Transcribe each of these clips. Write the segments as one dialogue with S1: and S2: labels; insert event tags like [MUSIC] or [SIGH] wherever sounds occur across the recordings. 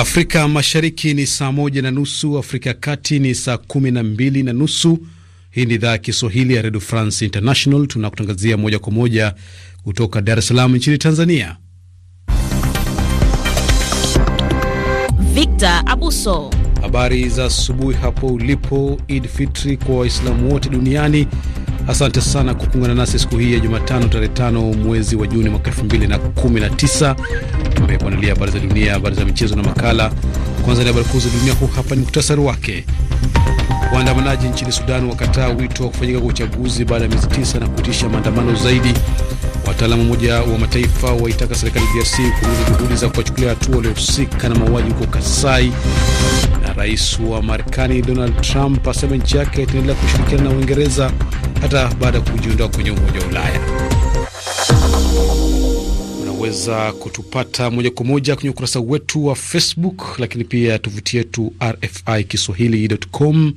S1: Afrika Mashariki ni saa moja na nusu, Afrika ya Kati ni saa kumi na mbili na nusu. Hii ni idhaa ya Kiswahili ya Redio France International. Tunakutangazia moja kwa moja kutoka Dar es Salaam nchini Tanzania.
S2: Victor Abuso,
S1: habari za asubuhi hapo ulipo. Id Fitri kwa Waislamu wote duniani Asante sana kwa kuungana nasi siku hii ya Jumatano tarehe 5 mwezi wa Juni mwaka na tisa. kuandalia habari za dunia, habari za michezo na makala. Kwanza ni habari kuu za dunia, huu hapa ni mktasari wake. Waandamanaji nchini Sudan wakataa wito wa kufanyika kwa uchaguzi baada ya miezi tisa na kuitisha maandamano zaidi. Wataalamu mmoja wa mataifa waitaka serikali DRC kuongeza juhudi za kuwachukulia hatua waliohusika na mauaji huko Kasai. Na rais wa Marekani Donald Trump asema nchi yake itaendelea kushirikiana na Uingereza hata baada ya kujiondoa kwenye Umoja wa Ulaya. Unaweza kutupata moja kwa moja kwenye ukurasa wetu wa Facebook, lakini pia tovuti yetu RFI Kiswahili.com.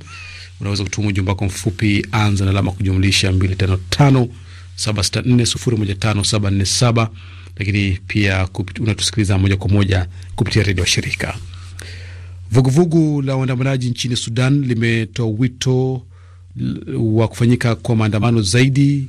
S1: Unaweza kutuma ujumbe wako mfupi, anza na alama kujumlisha 255 764015747 lakini pia unatusikiliza moja kwa moja kupitia redio wa shirika. Vuguvugu la waandamanaji nchini Sudan limetoa wito wa kufanyika kwa maandamano zaidi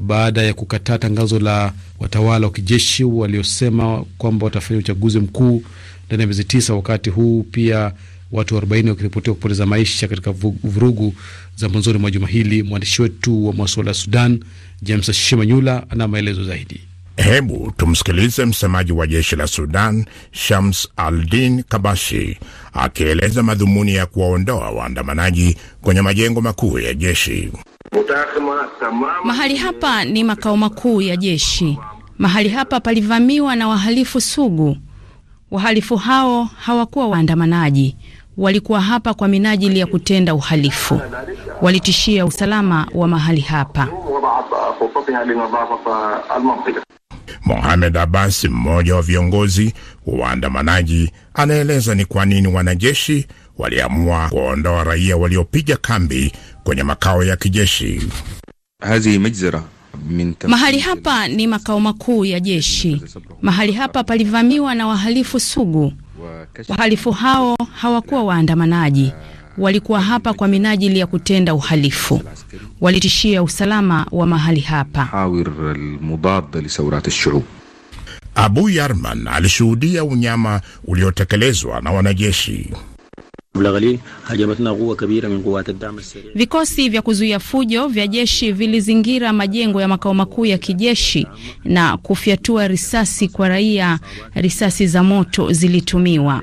S1: baada ya kukataa tangazo la watawala wa kijeshi waliosema kwamba watafanya uchaguzi mkuu ndani ya miezi tisa, wakati huu pia watu 40 wakiripotiwa kupoteza maisha katika vurugu za mwanzoni mwa juma hili. Mwandishi wetu wa masuala ya Sudan, James Shimanyula, ana maelezo zaidi.
S3: Hebu tumsikilize msemaji wa jeshi la Sudan, Shams Aldin Kabashi akieleza madhumuni ya kuwaondoa waandamanaji kwenye majengo
S4: makuu ya jeshi.
S2: Mahali hapa ni makao makuu ya jeshi. Mahali hapa palivamiwa na wahalifu sugu. Wahalifu hao hawakuwa waandamanaji, walikuwa hapa kwa minajili ya kutenda uhalifu. Walitishia usalama wa mahali hapa.
S3: Mohamed Abbas, mmoja wa viongozi wa waandamanaji anaeleza ni kwa nini wanajeshi waliamua kuwaondoa raia waliopiga kambi kwenye makao ya kijeshi. Mahali
S2: hapa ni makao makuu ya jeshi. Mahali hapa palivamiwa na wahalifu sugu. Wahalifu hao hawakuwa waandamanaji, walikuwa hapa kwa minajili ya kutenda uhalifu. Walitishia usalama wa mahali hapa.
S3: Abu Yarman alishuhudia unyama
S5: uliotekelezwa na wanajeshi.
S2: Vikosi vya kuzuia fujo vya jeshi vilizingira majengo ya makao makuu ya kijeshi na kufyatua risasi kwa raia. Risasi za moto zilitumiwa.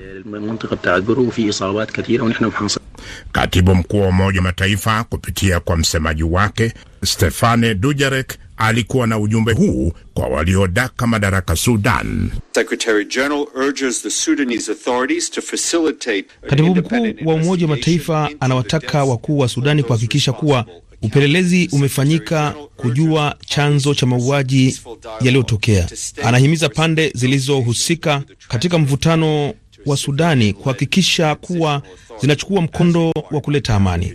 S3: Katibu mkuu wa Umoja wa Mataifa kupitia kwa msemaji wake Stefane Dujarek alikuwa na ujumbe huu kwa waliodaka madaraka Sudan. Katibu mkuu wa Umoja wa Mataifa anawataka wakuu wa Sudani
S1: kuhakikisha kuwa upelelezi umefanyika kujua chanzo cha mauaji
S6: yaliyotokea.
S1: Anahimiza pande zilizohusika katika mvutano wa Sudani kuhakikisha kuwa zinachukua mkondo wa kuleta amani.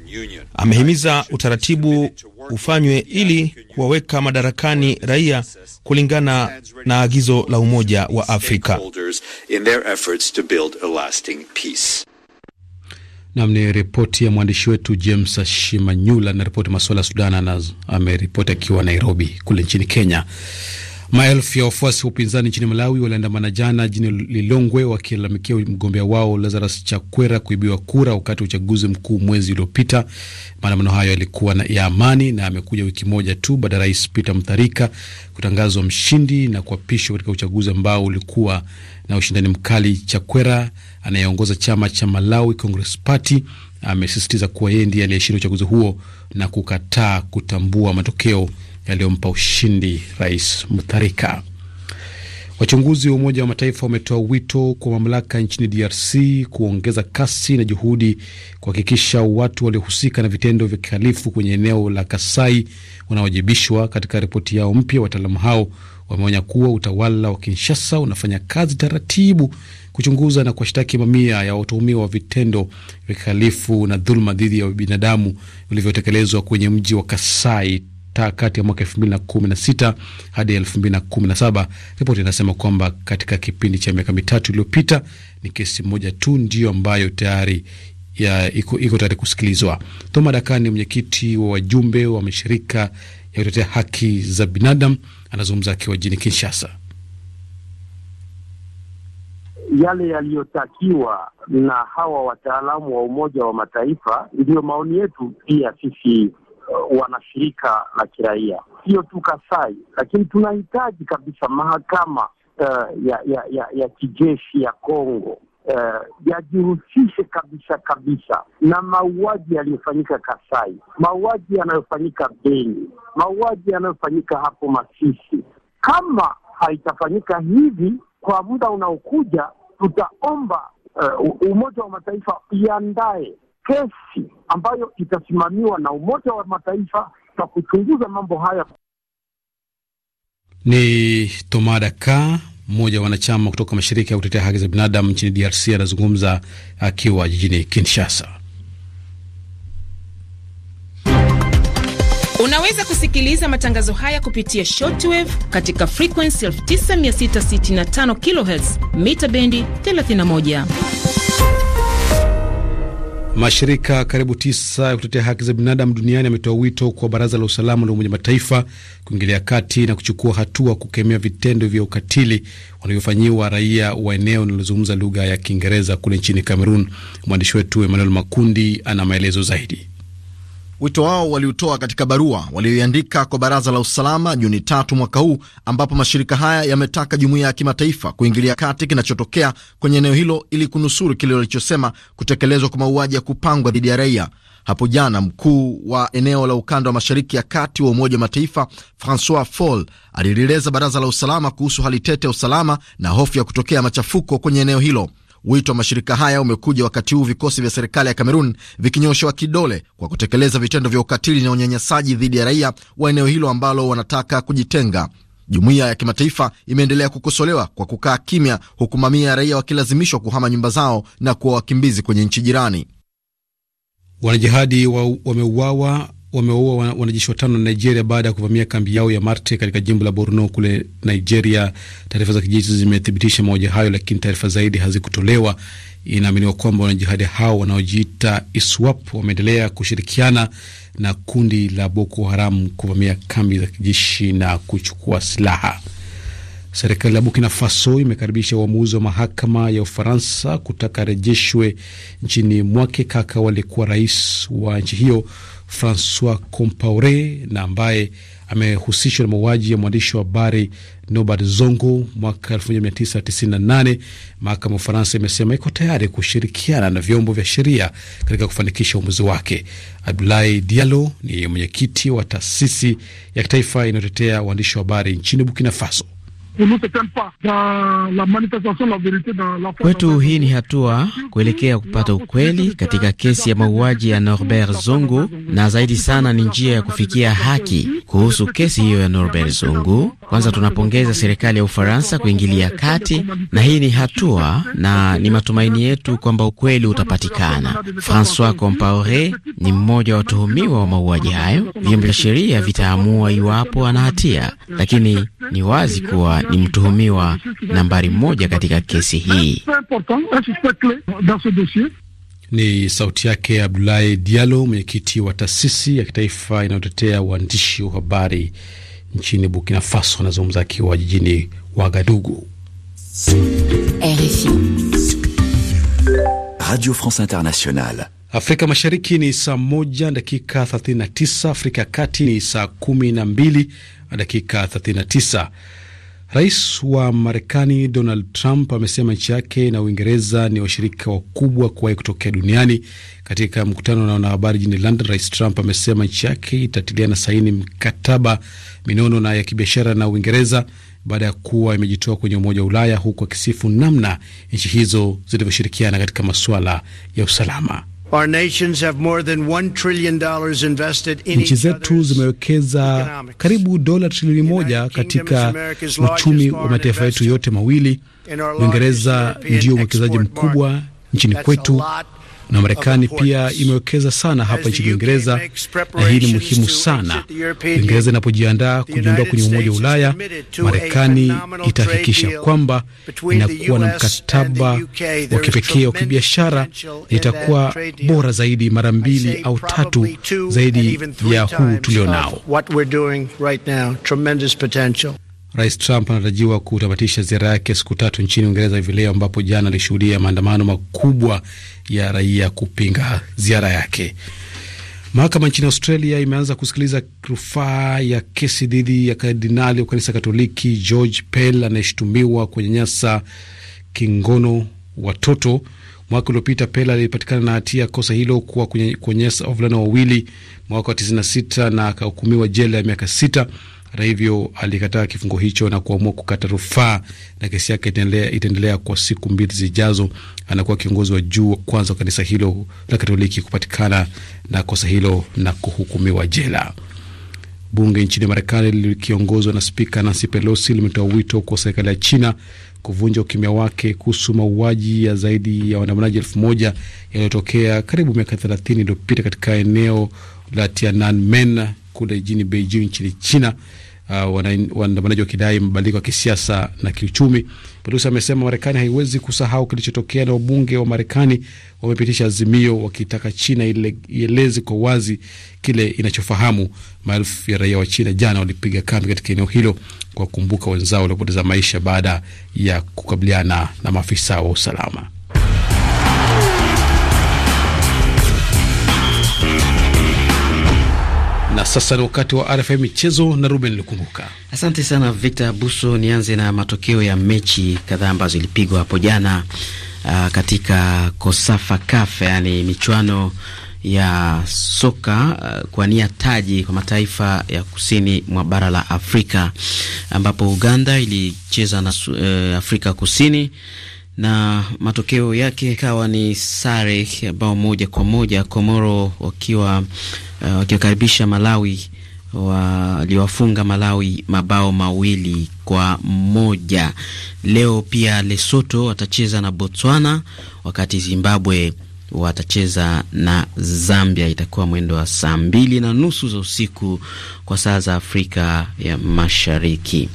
S1: Amehimiza utaratibu ufanywe ili kuwaweka madarakani raia kulingana na agizo la Umoja wa Afrika. Nam ni ripoti ya mwandishi wetu James Shimanyula ripoti masuala ya Sudan, na ameripoti akiwa Nairobi kule nchini Kenya. Maelfu ya wafuasi wa upinzani nchini Malawi waliandamana jana jini Lilongwe wakilalamikia mgombea wao Lazarus Chakwera kuibiwa kura wakati wa uchaguzi mkuu mwezi uliopita. Maandamano hayo yalikuwa ya amani na yamekuja wiki moja tu baada ya Rais Peter Mutharika kutangazwa mshindi na kuapishwa katika uchaguzi ambao ulikuwa na ushindani mkali. Chakwera anayeongoza chama cha Malawi Congress Party amesisitiza kuwa yeye ndiye aliyeshinda uchaguzi huo na kukataa kutambua matokeo yaliyompa ushindi Rais Mutharika. Wachunguzi wa Umoja wa Mataifa wametoa wito kwa mamlaka nchini DRC kuongeza kasi na juhudi kuhakikisha watu waliohusika na vitendo vya kihalifu kwenye eneo la Kasai wanawajibishwa. Katika ripoti yao mpya, wataalamu hao wameonya kuwa utawala wa Kinshasa unafanya kazi taratibu kuchunguza na kuwashtaki mamia ya watuhumiwa wa vitendo vya kihalifu na dhuluma dhidi ya binadamu vilivyotekelezwa kwenye mji wa Kasai ta kati ya mwaka 2016 hadi 2017. Ripoti inasema kwamba katika kipindi cha miaka mitatu iliyopita ni kesi moja tu ndiyo ambayo tayari ya iko, iko tayari kusikilizwa. Toma Daka ni mwenyekiti wa wajumbe wa mashirika ya kutetea haki za binadamu, anazungumza akiwa jini Kinshasa.
S5: Yale yaliyotakiwa na hawa wataalamu wa Umoja wa Mataifa, ndiyo maoni yetu pia sisi Uh, wanashirika la kiraia, sio tu Kasai, lakini tunahitaji kabisa mahakama uh, ya, ya, ya, ya kijeshi ya Kongo Uh, yajihusishe kabisa kabisa na mauaji yaliyofanyika Kasai, mauaji yanayofanyika Beni, mauaji yanayofanyika hapo Masisi. Kama haitafanyika hivi kwa muda unaokuja, tutaomba uh, Umoja wa Mataifa iandae kesi ambayo itasimamiwa na Umoja wa Mataifa kwa kuchunguza mambo haya.
S1: Ni Ka, mmoja wa wanachama kutoka mashirika ya kutetea haki za binadamu nchini DRC, anazungumza akiwa jijini Kinshasa.
S2: Unaweza kusikiliza matangazo haya kupitia shortwave katika frequency 9665 kHz mita bendi 31.
S1: Mashirika karibu tisa ya kutetea haki za binadamu duniani yametoa wito kwa baraza la usalama la Umoja Mataifa kuingilia kati na kuchukua hatua kukemea vitendo vya ukatili wanavyofanyiwa raia wa eneo linalozungumza lugha ya Kiingereza kule nchini Kamerun. Mwandishi wetu Emmanuel Makundi ana maelezo zaidi.
S7: Wito wao waliutoa katika barua walioiandika kwa Baraza la Usalama Juni tatu mwaka huu, ambapo mashirika haya yametaka jumuiya ya kimataifa kuingilia kati kinachotokea kwenye eneo hilo ili kunusuru kile walichosema kutekelezwa kwa mauaji ya kupangwa dhidi ya raia. Hapo jana mkuu wa eneo la ukanda wa mashariki ya kati wa Umoja wa Mataifa Francois Fall alilieleza Baraza la Usalama kuhusu hali tete ya usalama na hofu ya kutokea machafuko kwenye eneo hilo. Wito wa mashirika haya umekuja wakati huu vikosi vya serikali ya Kamerun vikinyoshewa kidole kwa kutekeleza vitendo vya ukatili na unyanyasaji dhidi ya raia wa eneo hilo ambalo wanataka kujitenga. Jumuiya ya kimataifa imeendelea kukosolewa kwa kukaa kimya, huku mamia ya raia wakilazimishwa kuhama nyumba zao na kuwa wakimbizi kwenye nchi jirani.
S1: Wanajihadi wa, wameuawa wameua wanajeshi watano na Nigeria baada ya kuvamia kambi yao ya Marte katika jimbo la Borno kule Nigeria. Taarifa za kijeshi zimethibitisha mauaji hayo, lakini taarifa zaidi hazikutolewa. Inaaminiwa kwamba wanajihadi hao wanaojiita ISWAP wameendelea kushirikiana na kundi la Boko Haram kuvamia kambi za kijeshi na kuchukua silaha. Serikali ya Burkina Faso imekaribisha uamuzi wa mahakama ya Ufaransa kutaka arejeshwe nchini mwake kaka waliyekuwa rais wa nchi hiyo Francois Compaore na ambaye amehusishwa na mauaji ya mwandishi wa habari nobert Zongo mwaka 1998. Mahakama ya Ufaransa imesema iko tayari kushirikiana na vyombo vya sheria katika kufanikisha uamuzi wake. abdulahi dialo ni mwenyekiti wa taasisi ya kitaifa inayotetea waandishi wa habari nchini Burkina Faso. Kwetu hii ni
S8: hatua kuelekea kupata ukweli katika kesi ya mauaji ya Norbert Zongo, na zaidi sana ni njia ya kufikia haki kuhusu kesi hiyo ya Norbert Zongo. Kwanza tunapongeza serikali ya Ufaransa kuingilia kati, na hii ni hatua na ni matumaini yetu kwamba ukweli utapatikana. Francois Compaore ni mmoja wa watuhumiwa wa mauaji hayo. Vyombo vya sheria vitaamua iwapo ana hatia, lakini ni wazi
S5: kuwa
S1: ni mtuhumiwa nambari moja katika kesi hii. Ni sauti yake Abdulahi dialo mwenyekiti wa taasisi ya kitaifa inayotetea waandishi wa habari nchini Burkina Faso, anazungumza
S3: akiwa jijini Wagadugu. Radio France Internationale.
S1: Afrika Mashariki ni saa moja dakika 39, Afrika ya Kati ni saa kumi na mbili na dakika 39. Rais wa Marekani Donald Trump amesema nchi yake na Uingereza ni washirika wakubwa kuwahi kutokea duniani. Katika mkutano na wanahabari jijini London, Rais Trump amesema nchi yake itatiliana saini mkataba minono na ya kibiashara na Uingereza baada ya kuwa imejitoa kwenye Umoja wa Ulaya, huku akisifu namna nchi hizo zilivyoshirikiana katika masuala ya usalama.
S4: Nchi zetu
S1: zimewekeza karibu dola trilioni moja katika uchumi wa mataifa yetu yote mawili.
S4: Uingereza
S1: ndiyo mwekezaji mkubwa nchini kwetu na Marekani pia imewekeza sana hapa nchini Uingereza, na hii ni muhimu sana. Uingereza inapojiandaa kujiondoa kwenye Umoja wa Ulaya, Marekani itahakikisha kwamba inakuwa na mkataba wa kipekee wa kibiashara, itakuwa bora zaidi mara mbili au tatu zaidi ya huu tulionao Rais Trump anatarajiwa kutamatisha ziara yake siku tatu nchini Uingereza hivi leo, ambapo jana alishuhudia maandamano makubwa ya raia kupinga ziara yake. Mahakama nchini Australia imeanza kusikiliza rufaa ya kesi dhidi ya kardinali wa kanisa Katoliki George Pell anayeshutumiwa kunyanyasa kingono watoto. Mwaka uliopita Pell alipatikana na hatia kosa hilo kuwa kunyanyasa wavulana wawili mwaka wa 96 na akahukumiwa jela ya miaka sita. Hata hivyo alikataa kifungo hicho na kuamua kukata rufaa, na kesi yake itaendelea kwa siku mbili zijazo. Anakuwa kiongozi wa juu wa kwanza wa kanisa hilo la Katoliki kupatikana na kosa hilo na kuhukumiwa jela. Bunge nchini Marekani likiongozwa na spika Nancy Pelosi limetoa wito kwa serikali ya China kuvunja ukimya wake kuhusu mauaji ya zaidi ya waandamanaji elfu moja yaliyotokea karibu miaka thelathini iliyopita katika eneo la Tiananmen kule jijini Beijing nchini China uh, waandamanaji wakidai mabadiliko ya kisiasa na kiuchumi. Pelosi amesema Marekani haiwezi kusahau kilichotokea na wabunge wa Marekani wamepitisha azimio wakitaka China ieleze kwa wazi kile inachofahamu. Maelfu ya raia wa China jana walipiga kambi katika eneo hilo kwa kumbuka wenzao waliopoteza maisha baada ya kukabiliana na maafisa wa usalama. Na sasa ni wakati wa RFI michezo na Ruben Lukumbuka. Asante sana Victor
S8: Buso. Nianze na matokeo ya mechi kadhaa ambazo ilipigwa hapo jana uh, katika Kosafa Kafe, yani michuano ya soka uh, kwa nia taji kwa mataifa ya kusini mwa bara la Afrika ambapo Uganda ilicheza na uh, Afrika Kusini na matokeo yake ikawa ni sare ya bao moja kwa moja, Komoro wakiwa uh, wakiwakaribisha Malawi waliwafunga Malawi mabao mawili kwa moja. Leo pia lesoto watacheza na Botswana, wakati Zimbabwe watacheza na Zambia. Itakuwa mwendo wa saa mbili na nusu za usiku kwa saa za Afrika ya Mashariki.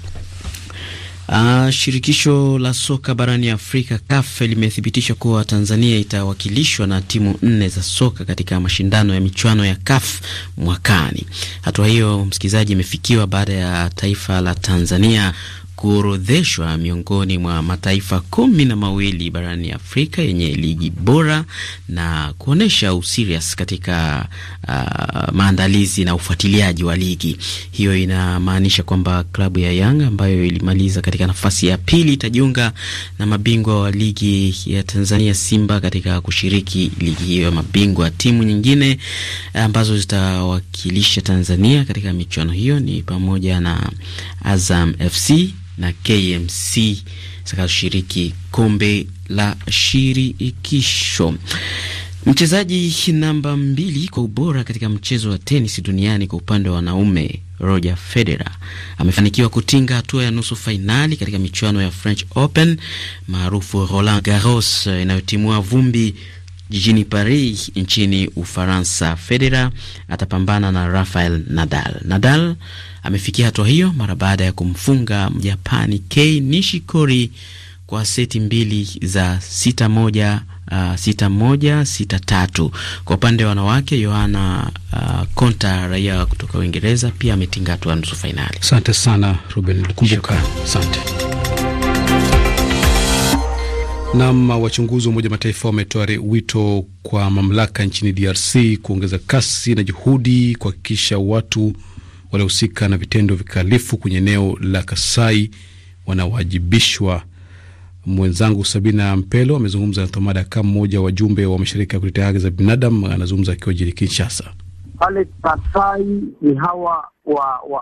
S8: Uh, shirikisho la soka barani Afrika CAF limethibitisha kuwa Tanzania itawakilishwa na timu nne za soka katika mashindano ya michuano ya CAF mwakani. Hatua hiyo, msikilizaji, imefikiwa baada ya taifa la Tanzania kuorodheshwa miongoni mwa mataifa kumi na mawili barani Afrika yenye ligi bora na kuonyesha userious katika uh, maandalizi na ufuatiliaji wa ligi hiyo. Inamaanisha kwamba klabu ya Yanga ambayo ilimaliza katika nafasi ya pili itajiunga na mabingwa wa ligi ya Tanzania Simba katika kushiriki ligi hiyo ya mabingwa. Timu nyingine eh, ambazo zitawakilisha Tanzania katika michuano hiyo ni pamoja na Azam FC na KMC zitakazoshiriki kombe la shirikisho. Mchezaji namba mbili kwa ubora katika mchezo wa tenis duniani kwa upande wa wanaume Roger Federer amefanikiwa kutinga hatua ya nusu fainali katika michuano ya French Open maarufu Roland Garros inayotimua vumbi jijini Paris nchini Ufaransa. Federer atapambana na Rafael Nadal. Nadal amefikia hatua hiyo mara baada ya kumfunga Mjapani Kei Nishikori kwa seti mbili za sita moja Uh, sita moja, sita tatu. Kwa upande wa wanawake Yohana uh, Konta raia kutoka Uingereza pia ametinga hatua nusu fainali.
S1: Asante sana Ruben, kumbuka. Asante. Nam, wachunguzi wa Umoja wa Mataifa wametoa wito kwa mamlaka nchini DRC kuongeza kasi na juhudi kuhakikisha watu waliohusika na vitendo vikalifu kwenye eneo la Kasai wanawajibishwa. Mwenzangu Sabina Mpelo amezungumza na Thomada Kam, mmoja wa wajumbe wa mashirika ya kutetea haki za binadamu, anazungumza akiwa jini Kinshasa.
S5: Pale Kasai ni hawa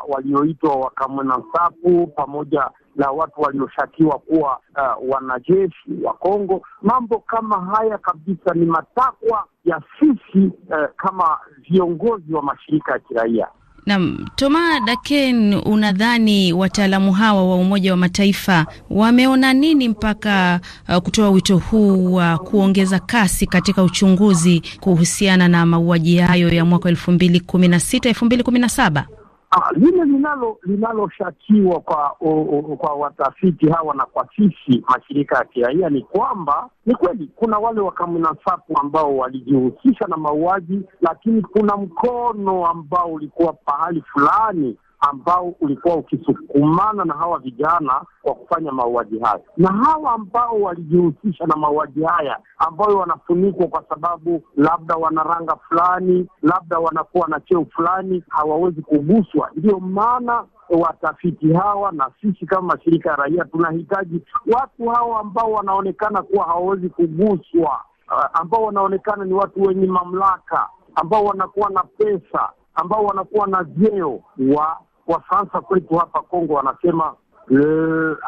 S5: walioitwa wa, wa Wakamwena Nsapu pamoja na watu walioshakiwa kuwa uh, wanajeshi wa Kongo. Mambo kama haya kabisa ni matakwa ya sisi uh, kama viongozi wa mashirika ya kiraia.
S2: Naam, Toma Daken, unadhani wataalamu hawa wa Umoja wa Mataifa wameona nini mpaka uh, kutoa wito huu wa uh, kuongeza kasi katika uchunguzi kuhusiana na mauaji hayo ya mwaka elfu mbili kumi na sita elfu mbili kumi na saba?
S5: Ah, lile linalo linaloshakiwa kwa o, o, kwa watafiti hawa na kwa sisi mashirika ya kiraia ni kwamba ni kweli kuna wale wakamunasapu ambao walijihusisha na mauaji, lakini kuna mkono ambao ulikuwa pahali fulani ambao ulikuwa ukisukumana na hawa vijana kwa kufanya mauaji haya, na hawa ambao walijihusisha na mauaji haya, ambayo wanafunikwa kwa sababu labda wana ranga fulani, labda wanakuwa na cheo fulani, hawawezi kuguswa. Ndiyo maana watafiti hawa na sisi kama mashirika ya raia tunahitaji watu hawa ambao wanaonekana kuwa hawawezi kuguswa, eh, ambao wanaonekana ni watu wenye mamlaka, ambao wanakuwa na pesa ambao wanakuwa na vyeo wa kwa sasa kwetu hapa Kongo wanasema e,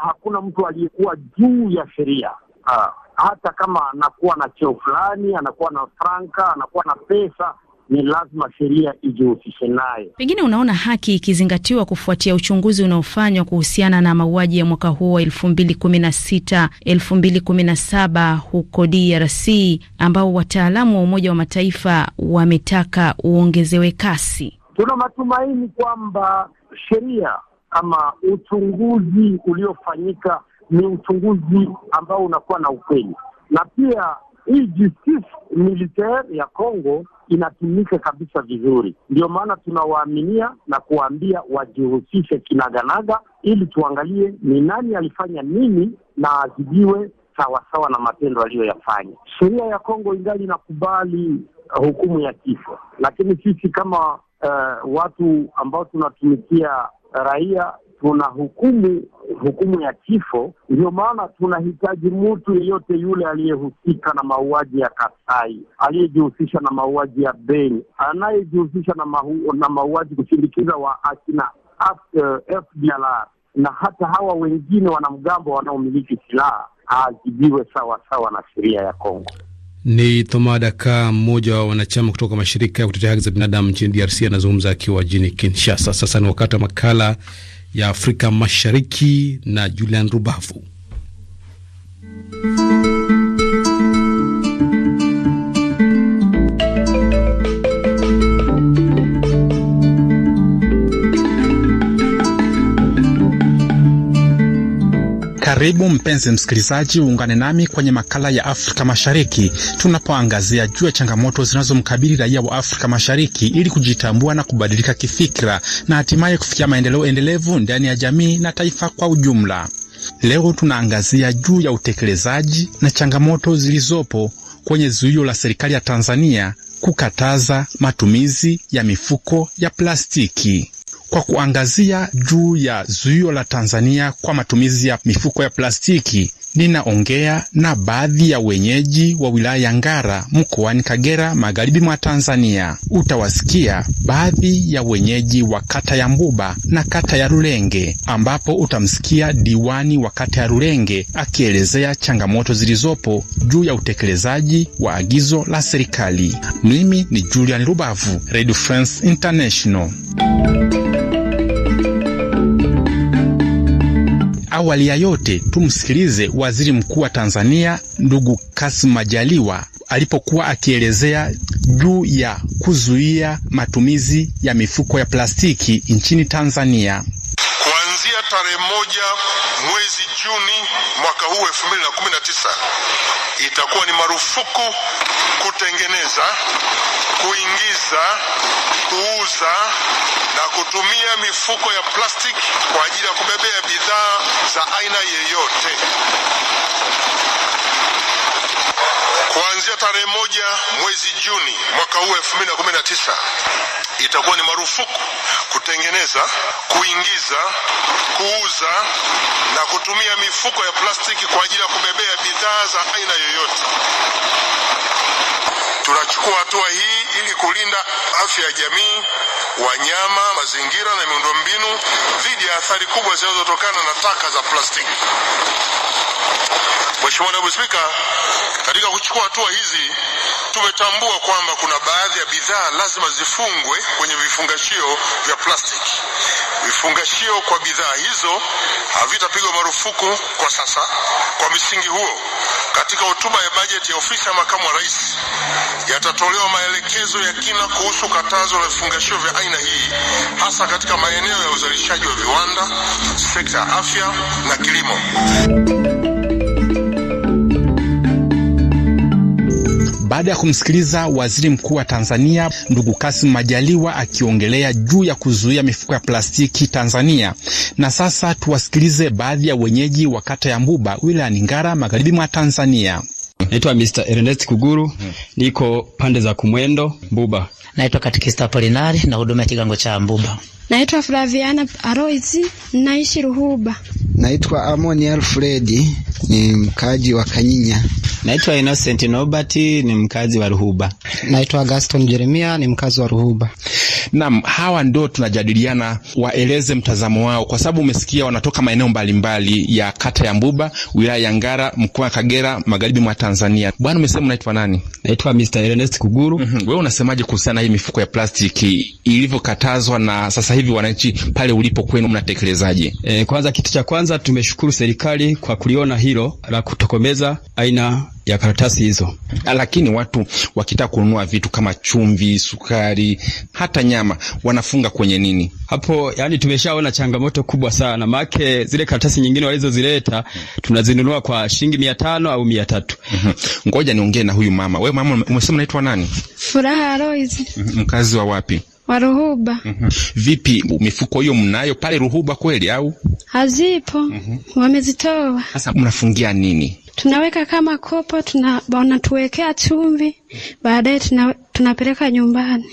S5: hakuna mtu aliyekuwa juu ya sheria uh, hata kama anakuwa na cheo fulani, anakuwa na franka, anakuwa na pesa ni lazima sheria ijihusishe naye.
S2: Pengine unaona haki ikizingatiwa kufuatia uchunguzi unaofanywa kuhusiana na mauaji ya mwaka huu wa elfu mbili kumi na sita elfu mbili kumi na saba huko DRC ambao wataalamu wa Umoja wa Mataifa wametaka uongezewe kasi.
S5: Tuna matumaini kwamba sheria ama uchunguzi uliofanyika ni uchunguzi ambao unakuwa na ukweli, na pia hii justice militaire ya congo inatumika kabisa vizuri. Ndio maana tunawaaminia na kuwaambia wajihusishe kinaganaga, ili tuangalie ni nani alifanya nini na azibiwe sawasawa na matendo aliyoyafanya. Sheria ya Kongo ingali inakubali hukumu ya kifo, lakini sisi kama uh, watu ambao tunatumikia raia tuna hukumu hukumu ya kifo. Ndio maana tunahitaji mtu yeyote yule aliyehusika na mauaji ya Kasai, aliyejihusisha na mauaji ya Beni, anayejihusisha na mahu, na mauaji kushindikiza wa akina FDLR eh, na hata hawa wengine wanamgambo wanaomiliki silaha, aadhibiwe sawa sawa na sheria ya Kongo.
S1: Ni Thoma Daka, mmoja wa wanachama kutoka mashirika ya kutetea haki za binadamu nchini DRC, anazungumza akiwa jini Kinshasa. Sasa ni wakati wa makala ya Afrika Mashariki na Julian Rubavu.
S3: Karibu mpenzi msikilizaji, uungane nami kwenye makala ya Afrika Mashariki tunapoangazia juu ya changamoto zinazomkabili raia wa Afrika Mashariki ili kujitambua na kubadilika kifikira na hatimaye kufikia maendeleo endelevu ndani ya jamii na taifa kwa ujumla. Leo tunaangazia juu ya utekelezaji na changamoto zilizopo kwenye zuio la serikali ya Tanzania kukataza matumizi ya mifuko ya plastiki kwa kuangazia juu ya zuio la Tanzania kwa matumizi ya mifuko ya plastiki ninaongea na baadhi ya wenyeji wa wilaya ya Ngara mkoani Kagera, magharibi mwa Tanzania. Utawasikia baadhi ya wenyeji wa kata ya Mbuba na kata ya Rulenge, ambapo utamsikia diwani wa kata ya Rulenge akielezea changamoto zilizopo juu ya utekelezaji wa agizo la serikali. Mimi ni Julian Rubavu, Radio France International. Awali ya yote, tumsikilize Waziri Mkuu wa Tanzania ndugu Kassim Majaliwa alipokuwa akielezea juu ya kuzuia matumizi ya mifuko ya plastiki nchini Tanzania
S9: kuanzia tarehe moja mwezi Juni mwaka huu 2019 itakuwa ni marufuku kutengeneza, kuingiza, kuuza na kutumia mifuko ya plastiki kwa ajili ya kubebea bidhaa za aina yeyote kuanzia tarehe moja mwezi Juni mwaka huu 2019 itakuwa ni marufuku kutengeneza, kuingiza, kuuza na kutumia mifuko ya plastiki kwa ajili ya kubebea bidhaa za aina yoyote. Tunachukua hatua hii ili kulinda afya ya jamii, wanyama, mazingira na miundombinu dhidi ya athari kubwa zinazotokana na taka za plastiki. Mheshimiwa Naibu Spika, katika kuchukua hatua hizi tumetambua kwamba kuna baadhi ya bidhaa lazima zifungwe kwenye vifungashio vya plastiki. Vifungashio kwa bidhaa hizo havitapigwa marufuku kwa sasa. Kwa misingi huo, katika hotuba ya bajeti ya ofisi ya makamu wa rais yatatolewa maelekezo ya kina kuhusu katazo la vifungashio vya aina hii, hasa katika maeneo ya uzalishaji wa viwanda, sekta ya afya na kilimo.
S3: baada ya kumsikiliza waziri mkuu wa Tanzania ndugu Kassim Majaliwa akiongelea juu ya kuzuia mifuko ya plastiki Tanzania. Na sasa tuwasikilize baadhi
S7: ya wenyeji wa kata
S3: ya Mbuba wilayani Ngara magharibi mwa Tanzania.
S7: Naitwa Mr. Ernest Kuguru, niko pande za Kumwendo Mbuba. Naitwa Katikista Polinari na huduma ya kigango cha Mbuba.
S2: Naitwa Flaviana Aroizi, naishi Ruhuba.
S7: Naitwa Amoni Alfred, ni mkaji wa Kanyinya. Naitwa Innocent Nobati, ni mkazi wa Ruhuba. Naitwa Gaston Jeremia, ni mkazi wa Ruhuba. Naam,
S3: hawa ndo tunajadiliana waeleze mtazamo wao, kwa sababu umesikia wanatoka maeneo mbalimbali ya kata ya Mbuba, wilaya ya Ngara, mkoa wa Kagera, magharibi mwa Tanzania. Bwana, umesema unaitwa nani? Naitwa Mr. Ernest Kuguru. mm -hmm. Wewe unasemaje kuhusiana na hii mifuko ya plastiki ilivyokatazwa na sasa hivi wananchi pale ulipo kwenu mnatekelezaje? E, kwanza kitu cha kwanza
S7: tumeshukuru serikali kwa kuliona hilo la kutokomeza aina
S3: ya karatasi hizo, lakini watu wakitaka kununua vitu kama chumvi, sukari, hata nyama wanafunga kwenye nini hapo. Yani
S7: tumeshaona changamoto kubwa sana make zile karatasi nyingine
S3: walizozileta tunazinunua kwa shilingi mia tano au mia tatu. Mhm. Ngoja niongee na huyu mama. We mama, umesema unaitwa nani?
S2: Furaha Roizi.
S3: Mhm. Mkazi wa wapi?
S2: Wa Ruhuba.
S3: Mhm. Vipi, mifuko hiyo mnayo pale Ruhuba kweli au
S2: hazipo? Wamezitoa.
S3: Sasa mnafungia nini?
S2: tunaweka kama kopo, tuna wanatuwekea chumvi, baadaye tuna, tunapeleka nyumbani.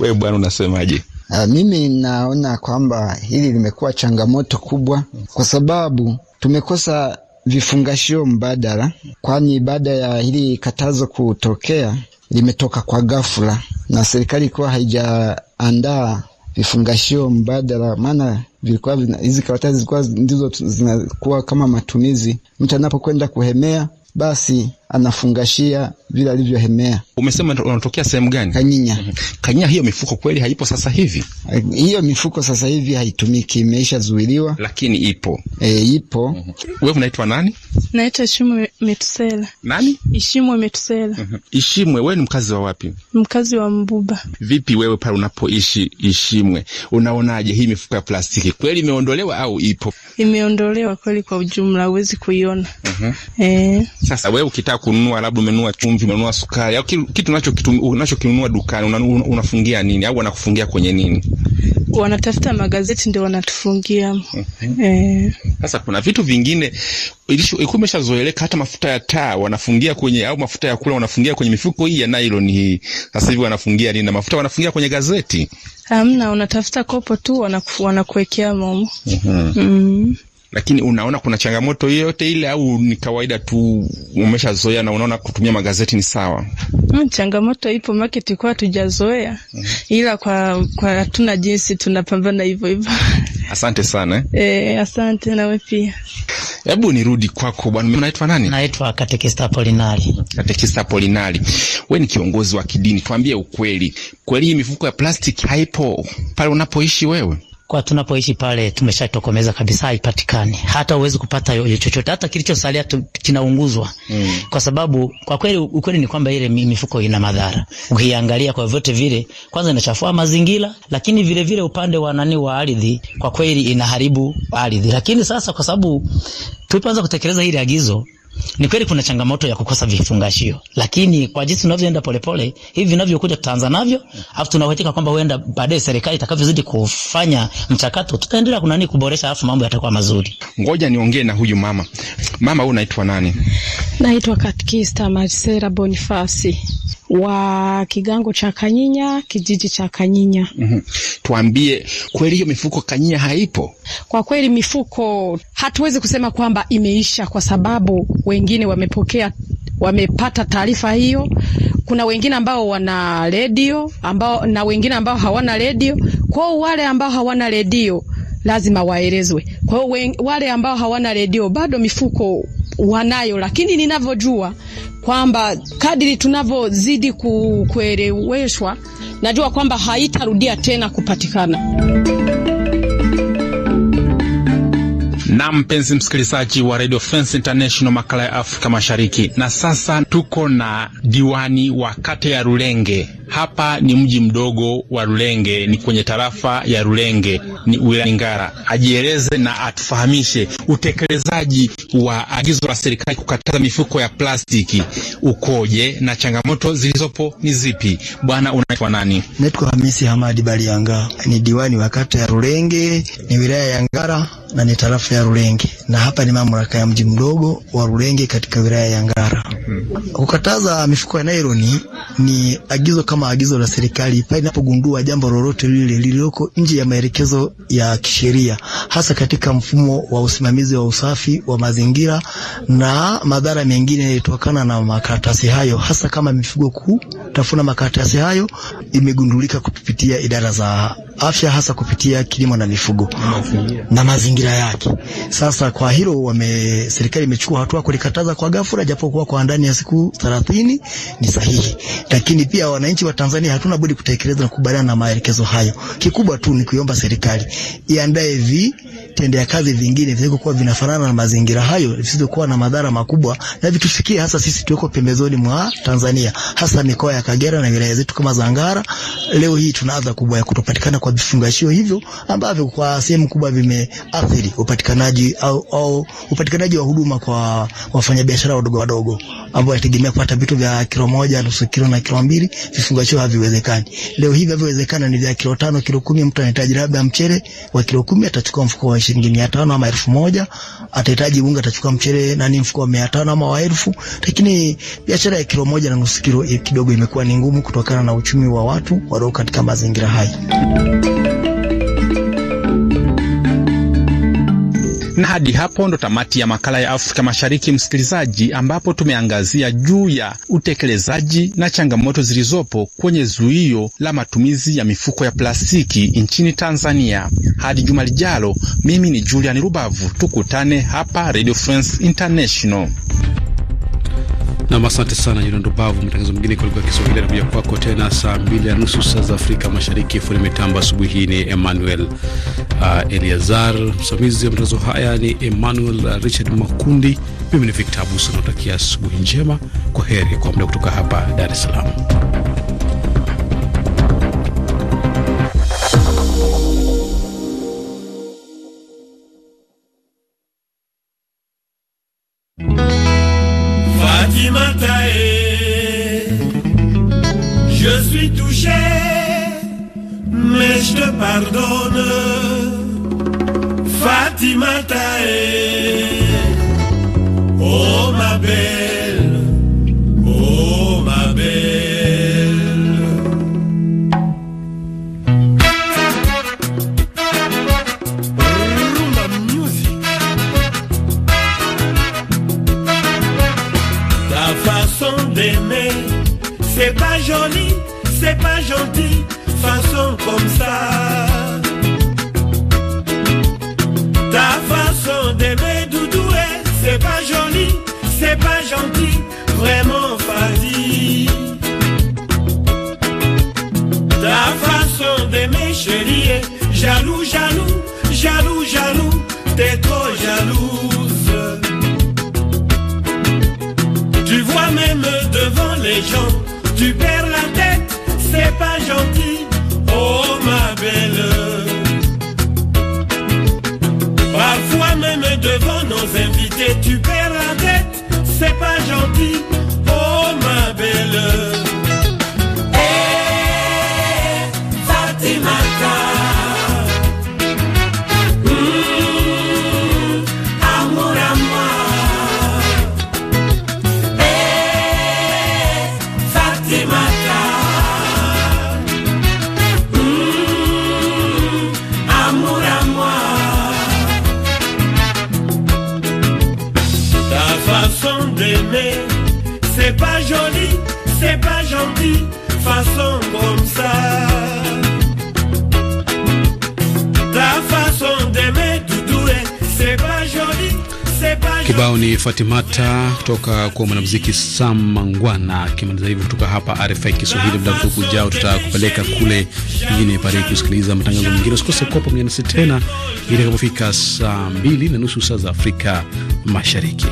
S3: we bwana, unasemaje?
S7: Uh, mimi naona kwamba hili limekuwa changamoto kubwa kwa sababu tumekosa vifungashio mbadala, kwani baada ya hili katazo kutokea limetoka kwa ghafla, na serikali kuwa haijaandaa vifungashio mbadala, maana vilikuwa hizi karatasi zilikuwa ndizo zinakuwa kama matumizi, mtu anapokwenda kuhemea basi anafungashia vile alivyohemea. Umesema unatokea sehemu gani? Kanyinya. Mhm. Kanyinya, hiyo mifuko kweli haipo sasa hivi? Hiyo mifuko sasa hivi haitumiki, imeisha zuiliwa, lakini ipo. E, ipo. mm Wewe unaitwa nani?
S6: Naitwa Ishimwe Metusela. Nani? Ishimwe Metusela. mm
S3: Ishimwe, wewe ni mkazi wa wapi?
S6: Mkazi wa Mbuba.
S3: Vipi wewe pale unapoishi Ishimwe, unaonaje hii mifuko ya plastiki kweli imeondolewa au ipo?
S6: Imeondolewa kweli, kwa ujumla huwezi kuiona. E.
S3: Sasa wewe ukitaka kununua labda umenunua chumvi, umenunua sukari au kitu unachokinunua dukani, una, unafungia nini au wanakufungia kwenye nini?
S6: Wanatafuta magazeti ndio wanatufungia. mm-hmm. E,
S3: sasa kuna vitu vingine ilikuwa imeshazoeleka, hata mafuta ya taa wanafungia kwenye, au mafuta ya kula wanafungia kwenye mifuko hii ya nylon hii. Sasa hivi wanafungia nini? Na mafuta wanafungia kwenye gazeti?
S6: Hamna, unatafuta kopo tu wanakuwekea momo. mm-hmm. mm
S3: lakini unaona kuna changamoto yoyote ile, au ni kawaida tu umeshazoea na unaona kutumia magazeti ni sawa?
S6: Mm, changamoto ipo market kwa tujazoea, mm-hmm. ila kwa kwa hatuna jinsi, tunapambana hivyo hivyo.
S3: Asante sana eh.
S6: [LAUGHS] E, asante nawe pia.
S3: Hebu nirudi kwako bwana, unaitwa nani? Naitwa Katekista Polinari. Katekista Polinari, we ni kiongozi wa kidini, tuambie ukweli, kweli hii mifuko ya plastiki haipo
S7: pale unapoishi wewe? kwa tunapoishi pale tumeshatokomeza kabisa, haipatikani hata uwezi kupata yoyo chochote, hata kilichosalia kinaunguzwa mm. kwa sababu kwa kweli, ukweli ni kwamba ile mifuko ina madhara ukiangalia kwa vyote vile, kwanza inachafua mazingira, lakini vile vile upande wa nani wa ardhi, kwa kweli inaharibu ardhi. Lakini sasa kwa sababu tulipoanza kutekeleza hili agizo ni kweli kuna changamoto ya kukosa vifungashio, lakini kwa jinsi tunavyoenda polepole hivi vinavyokuja tutaanza navyo, afu tunawaitika kwamba huenda baadaye serikali itakavyozidi kufanya mchakato tutaendelea kuna nini kuboresha, afu mambo yatakuwa mazuri. Ngoja
S3: niongee na huyu mama. Mama, wewe unaitwa nani?
S2: Naitwa Katkista Marcela Bonifasi wa kigango cha Kanyinya, kijiji cha Kanyinya.
S3: mm -hmm. Tuambie kweli, hiyo mifuko Kanyinya haipo?
S2: Kwa kweli mifuko hatuwezi kusema kwamba imeisha, kwa sababu wengine wamepokea wamepata taarifa hiyo. Kuna wengine ambao wana redio ambao na wengine ambao hawana redio. Kwao wale ambao hawana redio lazima waelezwe. Kwa hiyo wale ambao hawana redio bado mifuko wanayo, lakini ninavyojua kwamba kadiri tunavyozidi kueleweshwa, najua kwamba haitarudia tena kupatikana.
S3: na mpenzi msikilizaji wa Radio France International, makala ya Afrika Mashariki. Na sasa tuko na diwani wa kata ya Rulenge hapa ni mji mdogo wa Rulenge, ni kwenye tarafa ya Rulenge, ni wilaya Ngara. Ajieleze na atufahamishe utekelezaji wa agizo la serikali kukataza mifuko ya plastiki ukoje na changamoto zilizopo ni zipi? Bwana, unaitwa nani?
S7: Naitwa Hamisi Hamadi Balianga, ni diwani wa kata ya Rulenge, ni wilaya ya Ngara na ni tarafa ya Rulenge, na hapa ni mamlaka ya mji mdogo wa Rulenge katika wilaya ya Ngara. Hmm. Kukataza mifuko ya nailoni ni agizo kama kama agizo la serikali pale inapogundua jambo lolote lile lililoko nje ya maelekezo ya kisheria, hasa katika mfumo wa usimamizi wa usafi wa mazingira na madhara mengine yanayotokana na makaratasi hayo, hasa kama mifugo ku Tafuna makaratasi hayo imegundulika kupitia idara za afya, hasa kupitia kilimo na mifugo na mazingira yake. Sasa kwa hilo wame, serikali imechukua hatua kulikataza kwa ghafla, japokuwa kwa ndani ya siku 30 ni sahihi, lakini pia wananchi wa Tanzania hatuna budi kutekeleza na kukubaliana na maelekezo hayo. Kikubwa tu ni kuiomba serikali iandae vitendea kazi vingine vilivyokuwa vinafanana na mazingira hayo visivyokuwa na madhara makubwa na vitufikie, hasa sisi tuko pembezoni mwa Tanzania, hasa mikoa ya ya Kagera na wilaya zetu kama za Ngara, leo hii tuna adha kubwa ya kutopatikana kwa vifungashio hivyo ambavyo kwa sehemu kubwa vimeathiri upatikanaji au, au upatikanaji wa huduma kwa wafanyabiashara wadogo wadogo ambao wanategemea kupata vitu vya kilo moja, nusu kilo na kilo mbili. Vifungashio haviwezekani leo hivi, havyowezekana ni vya kilo tano, kilo kumi. Mtu anahitaji labda mchele wa kilo kumi, atachukua mfuko wa shilingi mia tano ama elfu moja. Atahitaji unga, atachukua mchele nani mfuko wa mia tano ama wa elfu. Lakini biashara ya kilo moja na nusu kilo eh, kidogo ime itakuwa ni ngumu kutokana na uchumi wa watu walio katika mazingira hayo. Na hadi hapo ndo
S3: tamati ya makala ya Afrika Mashariki, msikilizaji, ambapo tumeangazia juu ya utekelezaji na changamoto zilizopo kwenye zuio la matumizi ya mifuko ya plastiki nchini Tanzania. Hadi juma lijalo, mimi ni Julian Rubavu, tukutane hapa Radio France International.
S1: Nam, asante sana Juna Ndubavu. Matangazo mengine kwa lugha ya Kiswahili yanakuja kwako tena saa mbili na nusu saa za Afrika Mashariki. Fundi mitambo asubuhi hii ni Emmanuel uh, Eliazar, msimamizi wa matangazo haya ni Emmanuel uh, Richard Makundi. Mimi ni Victor Abuso, natakia asubuhi njema. Kwa heri kwa muda kutoka hapa Dar es Salaam.
S4: façon comme ça. Ta façon d'aimer Doudou, c'est pas joli, c'est pas gentil, vraiment dit Ta façon d'aimer chérie, jaloux, jaloux, jaloux, jaloux, t'es trop jalouse. Tu vois même devant les gens, tu perds la tête c'est pas gentil, oh ma belle. Parfois même devant nos invités, tu perds la tête, c'est pas gentil, oh ma belle.
S1: kibao ni Fatimata kutoka kwa mwanamuziki Sam Mangwana. Akimaliza hivyo kutoka hapa RFI Kiswahili, muda mfupi ujao tutakupeleka kule jijini Paris kusikiliza matangazo mengine. Usikose kuwa pamoja nasi tena itakapofika saa mbili na nusu saa za Afrika Mashariki.